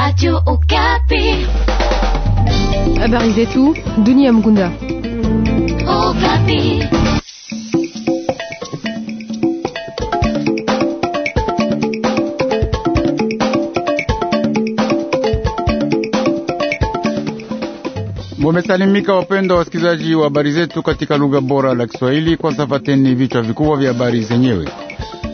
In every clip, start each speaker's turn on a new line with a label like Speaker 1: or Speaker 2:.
Speaker 1: Radio Okapi. Habari eh zetu dunia Mkunda. Okapi.
Speaker 2: Mumesalimika wapendwa wasikilizaji wa habari zetu katika lugha bora la Kiswahili. Kwanza fateni vichwa vikubwa vya habari zenyewe.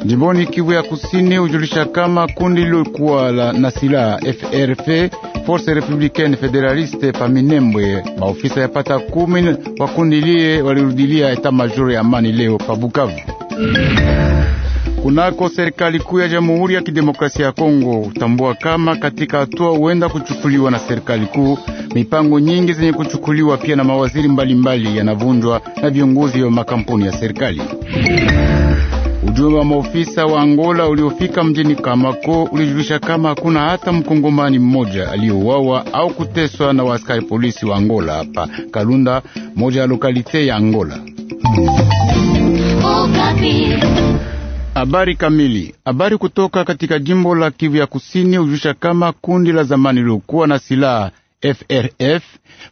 Speaker 2: Jimboni Kivu ya Kusini hujulisha kama kundi lilokuwa na silaha FRF Force Republicaine Federaliste paminembwe maofisa yapata kumi wa kundi lile walirudilia eta majoro ya amani leo pa Bukavu. Kunako serikali kuu ya Jamhuri ya Kidemokrasia ya Kongo utambua kama katika hatua huenda kuchukuliwa na serikali kuu, mipango nyingi zenye kuchukuliwa pia na mawaziri mbalimbali yanavunjwa na viongozi wa makampuni ya serikali. Ujumbe wa maofisa wa Angola uliofika mjini Kamako ulijulisha kama hakuna hata mkongomani mmoja aliyouawa au kuteswa na waaskari polisi wa Angola hapa Kalunda, moja ya lokalite ya Angola. Habari kamili. Habari kutoka katika jimbo la Kivu ya Kusini ujusha kama kundi la zamani lilokuwa na silaha FRF,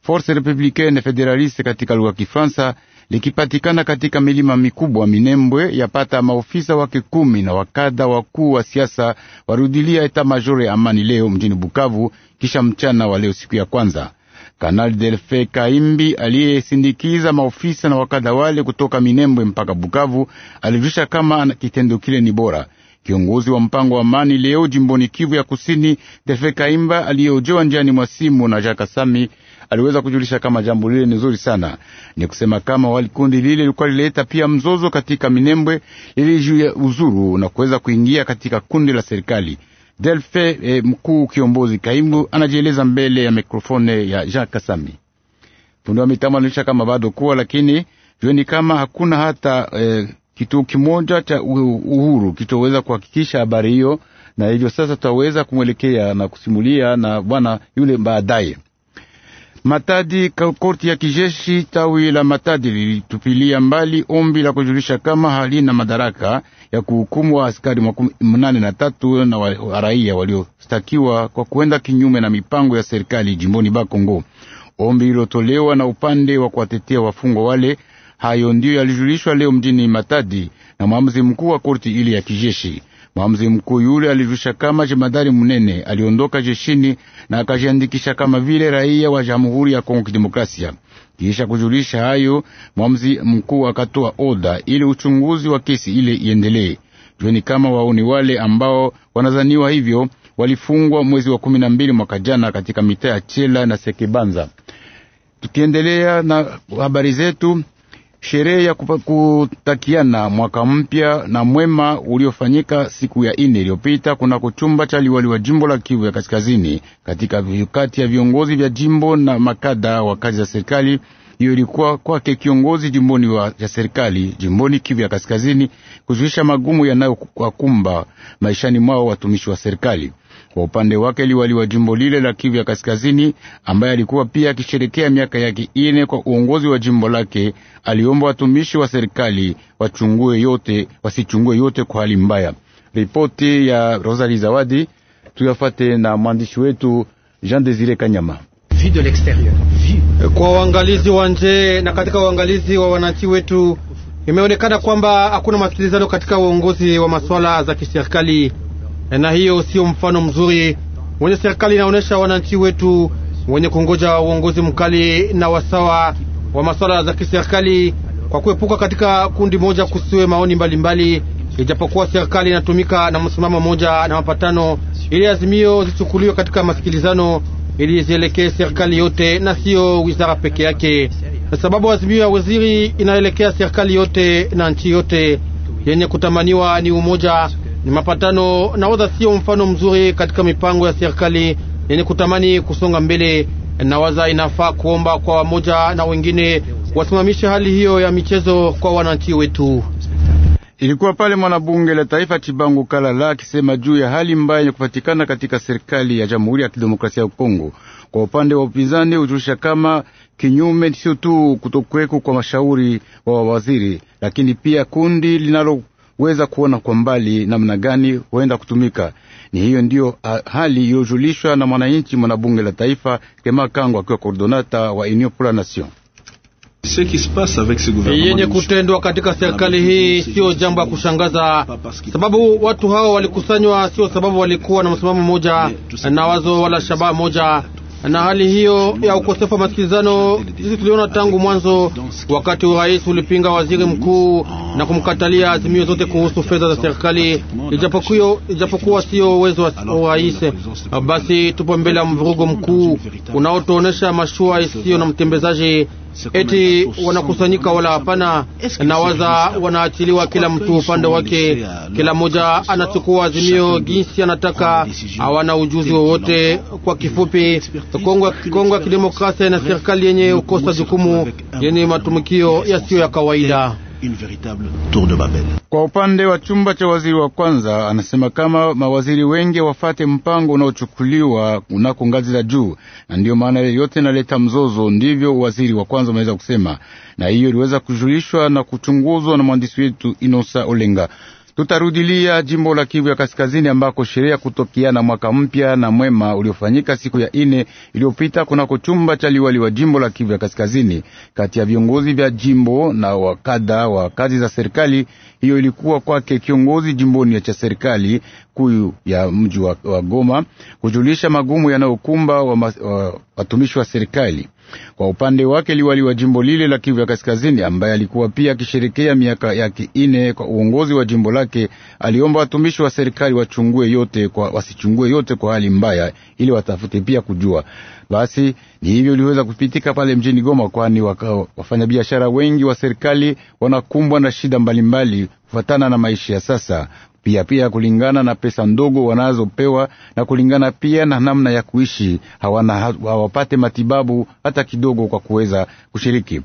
Speaker 2: Force Republicaine Federaliste katika lugha ya Kifaransa, likipatikana katika milima mikubwa Minembwe, yapata maofisa wake kumi na wakada wakuu wa siasa warudilia eta majore ya amani leo mjini Bukavu, kisha mchana wa leo siku ya kwanza. Kanali Delfe Kaimbi aliyesindikiza maofisa na wakada wale kutoka Minembwe mpaka Bukavu alivisha kama kitendo kile ni bora. Kiongozi wa mpango wa amani leo jimboni Kivu ya Kusini, Delfe Kaimba aliyeojewa njiani mwa simu na Jaka Sami aliweza kujulisha kama jambo lile ni zuri sana. Ni kusema kama wali kundi lile lilikuwa lileta pia mzozo katika Minembwe ili juu ya uzuru na kuweza kuingia katika kundi la serikali. Delfe eh, mkuu kiongozi kaimu anajieleza mbele ya mikrofone ya Jean Kasami. Fundi wa mitambo anaonyesha kama bado kuwa, lakini jueni kama hakuna hata eh, kitu kimoja cha uhuru kitoweza kuhakikisha habari hiyo, na hivyo sasa tutaweza kumwelekea na kusimulia na bwana yule baadaye. Matadi. Korti ya kijeshi tawi la Matadi lilitupilia mbali ombi la kujulisha kama halina madaraka ya kuhukumu wa askari makumi mnane na tatu na wa raia waliostakiwa kwa kuenda kinyume na mipango ya serikali jimboni Bakongo. Ombi lilotolewa na upande wa kuwatetea wafungwa wale. Hayo ndiyo yalijulishwa leo mjini Matadi na mwamuzi mkuu wa korti ile ya kijeshi. Mwamzi mkuu yule alijulisha kama jemadari munene aliondoka jeshini na akajiandikisha kama vile raia wa Jamhuri ya Kongo Kidemokrasia. Kisha kujulisha hayo, mwamzi mkuu akatoa oda ili uchunguzi wa kesi ile iendelee. Jueni kama wauni wale ambao wanazaniwa hivyo walifungwa mwezi wa kumi na mbili mwaka jana katika mitaa ya Chela na Sekebanza. Tukiendelea na habari zetu, sherehe ya kutakiana mwaka mpya na mwema uliofanyika siku ya ine iliyopita kuna kuchumba cha liwali wa jimbo la Kivu ya Kaskazini, katika vikati ya viongozi vya jimbo na makada wa kazi za serikali. Hiyo ilikuwa kwake kiongozi jimboni wa ya serikali jimboni Kivu ya Kaskazini kuzuisha magumu yanayowakumba maishani mwao watumishi wa serikali. Kwa upande wake liwali wa jimbo lile la Kivu ya Kaskazini, ambaye alikuwa pia akisherekea miaka yake ine kwa uongozi wa jimbo lake, aliomba watumishi wa serikali wachungue yote, wasichungue yote kwa hali mbaya. Ripoti ya Rosali Zawadi tuyafate na mwandishi wetu Jean Desire Kanyama.
Speaker 3: Kwa uangalizi wa nje na katika uangalizi wa wananchi wetu, imeonekana kwamba hakuna masikilizano katika uongozi wa masuala za kiserikali. Eh, na hiyo sio mfano mzuri wenye serikali inaonyesha wananchi wetu wenye kungoja uongozi mkali na wasawa wa masuala za kiserikali kwa kuepuka katika kundi moja kusiwe maoni mbalimbali mbali. Ijapokuwa serikali inatumika na msimamo moja na mapatano, ili azimio zichukuliwe katika masikilizano, ili zielekee serikali yote na siyo wizara peke yake, sababu azimio ya waziri inaelekea serikali yote na nchi yote. Yenye kutamaniwa ni umoja ni mapatano wadha sio mfano mzuri katika mipango ya serikali yenye kutamani kusonga mbele. Nawaza inafaa kuomba kwa wamoja na wengine wasimamishe hali hiyo ya michezo kwa wananchi wetu.
Speaker 2: Ilikuwa pale mwanabunge la taifa Chibangu Kalala akisema juu ya hali mbaya ya kupatikana katika serikali ya Jamhuri ya Kidemokrasia ya Kongo. Kwa upande wa upinzani hujulisha kama kinyume sio tu kutokuweko kwa mashauri wa waziri, lakini pia kundi linalo weza kuona kwa mbali namna gani huenda kutumika. Ni hiyo ndiyo hali iliyojulishwa na mwananchi mwanabunge la taifa Kema Kango akiwa koordonata wa Union pour la Nation. Yenye kutendwa
Speaker 3: katika serikali hii siyo jambo ya kushangaza, sababu watu hao walikusanywa, sio sababu walikuwa na msimamo mmoja na wazo wala shabaha moja na hali hiyo ya ukosefu wa masikilizano sisi tuliona tangu mwanzo, wakati urais ulipinga waziri mkuu na kumkatalia azimio zote kuhusu fedha za serikali, ijapokuwa sio uwezo wa urais. Basi tupo mbele ya mvurugo mkuu unaotoonesha mashua isiyo na mtembezaji eti wanakusanyika wala hapana. Nawaza wanaachiliwa kila mtu upande wake, kila mmoja anachukua azimio jinsi anataka, hawana ujuzi wowote. Kwa kifupi, Kongo ya Kidemokrasia na serikali yenye ukosa jukumu yenye matumikio yasiyo ya kawaida une véritable tour de Babel.
Speaker 2: Kwa upande wa chumba cha waziri wa kwanza, anasema kama mawaziri wengi wafate mpango unaochukuliwa unako ngazi za juu, na ndiyo maana yote inaleta mzozo. Ndivyo waziri wa kwanza ameweza kusema, na hiyo iliweza kujulishwa na kuchunguzwa na mwandishi wetu Inosa Olenga. Tutarudilia jimbo la Kivu ya Kaskazini ambako sherehe ya kutokiana mwaka mpya na mwema uliofanyika siku ya ine iliyopita kunako chumba cha liwali wa jimbo la Kivu ya Kaskazini kati ya viongozi vya jimbo na wakada wa kazi za serikali. Hiyo ilikuwa kwake kiongozi jimboni cha serikali kuyu ya mji wa, wa Goma kujulisha magumu yanayokumba watumishi wa, wa, wa serikali kwa upande wake, liwali wa jimbo lile la Kivu ya Kaskazini, ambaye alikuwa pia akisherekea miaka yake ine kwa uongozi wa jimbo lake, aliomba watumishi wa serikali wachungue yote kwa, wasichungue yote kwa hali mbaya, ili watafute pia kujua. Basi ni hivyo iliweza kupitika pale mjini Goma, kwani wafanyabiashara wengi wa serikali wanakumbwa na shida mbalimbali kufuatana na maisha ya sasa pia pia kulingana na pesa ndogo wanazopewa na kulingana pia na namna ya kuishi, hawana hawapate matibabu hata kidogo kwa kuweza kushiriki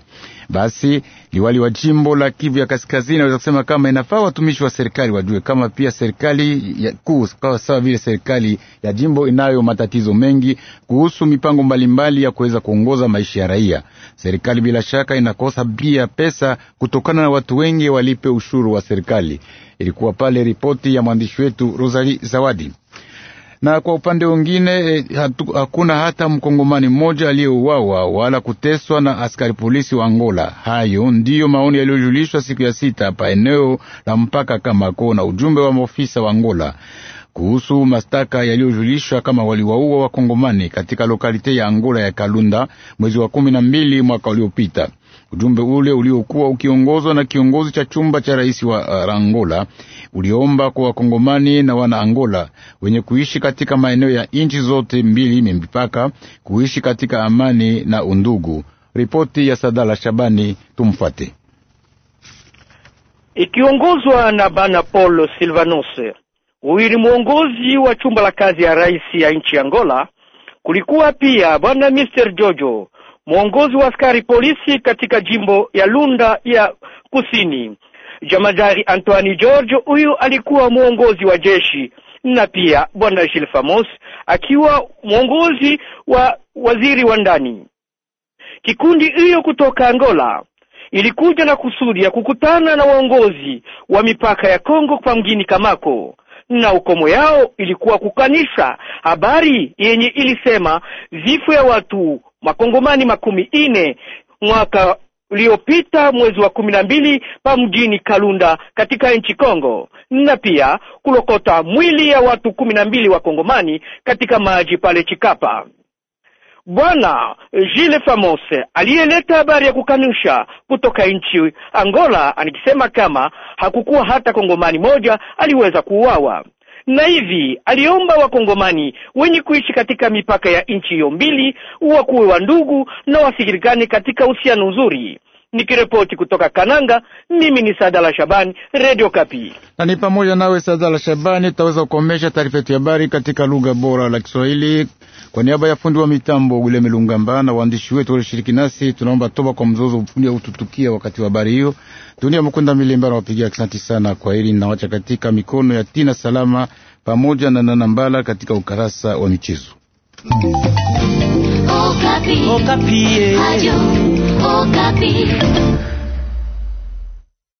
Speaker 2: basi liwali wa jimbo la Kivu ya Kaskazini naweza kusema kama inafaa watumishi wa serikali wajue kama pia serikali kuu sawa vile serikali ya jimbo inayo matatizo mengi kuhusu mipango mbalimbali ya kuweza kuongoza maisha ya raia. Serikali bila shaka inakosa pia pesa kutokana na watu wengi walipe ushuru wa serikali. Ilikuwa pale ripoti ya mwandishi wetu Rosali Zawadi na kwa upande wengine eh, hakuna hata mkongomani mmoja aliyeuawa wala kuteswa na askari polisi wa Angola. Hayo ndiyo maoni yaliyojulishwa siku ya sita hapa eneo la mpaka Kamako na ujumbe wa maofisa wa Angola kuhusu mashtaka yaliyojulishwa kama waliwaua wakongomani katika lokalite ya Angola ya Kalunda mwezi wa kumi na mbili mwaka uliopita. Ujumbe ule uliokuwa ukiongozwa na kiongozi cha chumba cha rais wa uh, Angola uliomba kwa wakongomani na wana Angola wenye kuishi katika maeneo ya nchi zote mbili mipaka kuishi katika amani na undugu. Ripoti ya Sadala Shabani, tumfate
Speaker 1: ikiongozwa na bana Paul Silvanose. Huyu ni mwongozi wa chumba la kazi ya rais ya nchi ya Angola. Kulikuwa pia bwana Mr Jojo, mwongozi wa askari polisi katika jimbo ya Lunda ya Kusini. Jamadari Antoine George, huyu alikuwa mwongozi wa jeshi, na pia bwana Gilles Famos akiwa mwongozi wa waziri wa ndani. Kikundi hiyo kutoka Angola ilikuja na kusudi ya kukutana na waongozi wa mipaka ya Kongo kwa mgini Kamako na ukomo yao ilikuwa kukanisa. Habari yenye ilisema vifo ya watu makongomani makumi ine mwaka uliopita mwezi wa kumi na mbili pa mjini Kalunda katika nchi Kongo, na pia kulokota mwili ya watu kumi na mbili wa kongomani katika maji pale Chikapa. Bwana Gile Famos aliyeleta habari ya kukanusha kutoka nchi Angola, anikisema kama hakukuwa hata kongomani moja aliweza kuuawa na hivi aliomba wakongomani wenye kuishi katika mipaka ya nchi hiyo mbili wakuwe wa ndugu na wasikirikani katika uhusiano nzuri. Nikiripoti kutoka Kananga, mimi ni Sadala Shabani, Radio Kapi.
Speaker 2: Na ni pamoja nawe Sadala Shabani, tutaweza kukomesha taarifa yetu ya habari katika lugha bora la Kiswahili kwa niaba ya fundi wa mitambo Wileme Lungamba na waandishi wetu walioshiriki nasi, tunaomba toba kwa mzozo fundi wa ututukia wakati wa habari hiyo. Dunia Mkunda Milimba anawapigia asanti sana kwa hili, nawacha katika mikono ya Tina Salama pamoja na Nana Mbala katika ukarasa wa michezo.
Speaker 1: Okapi. Okapi. Eh.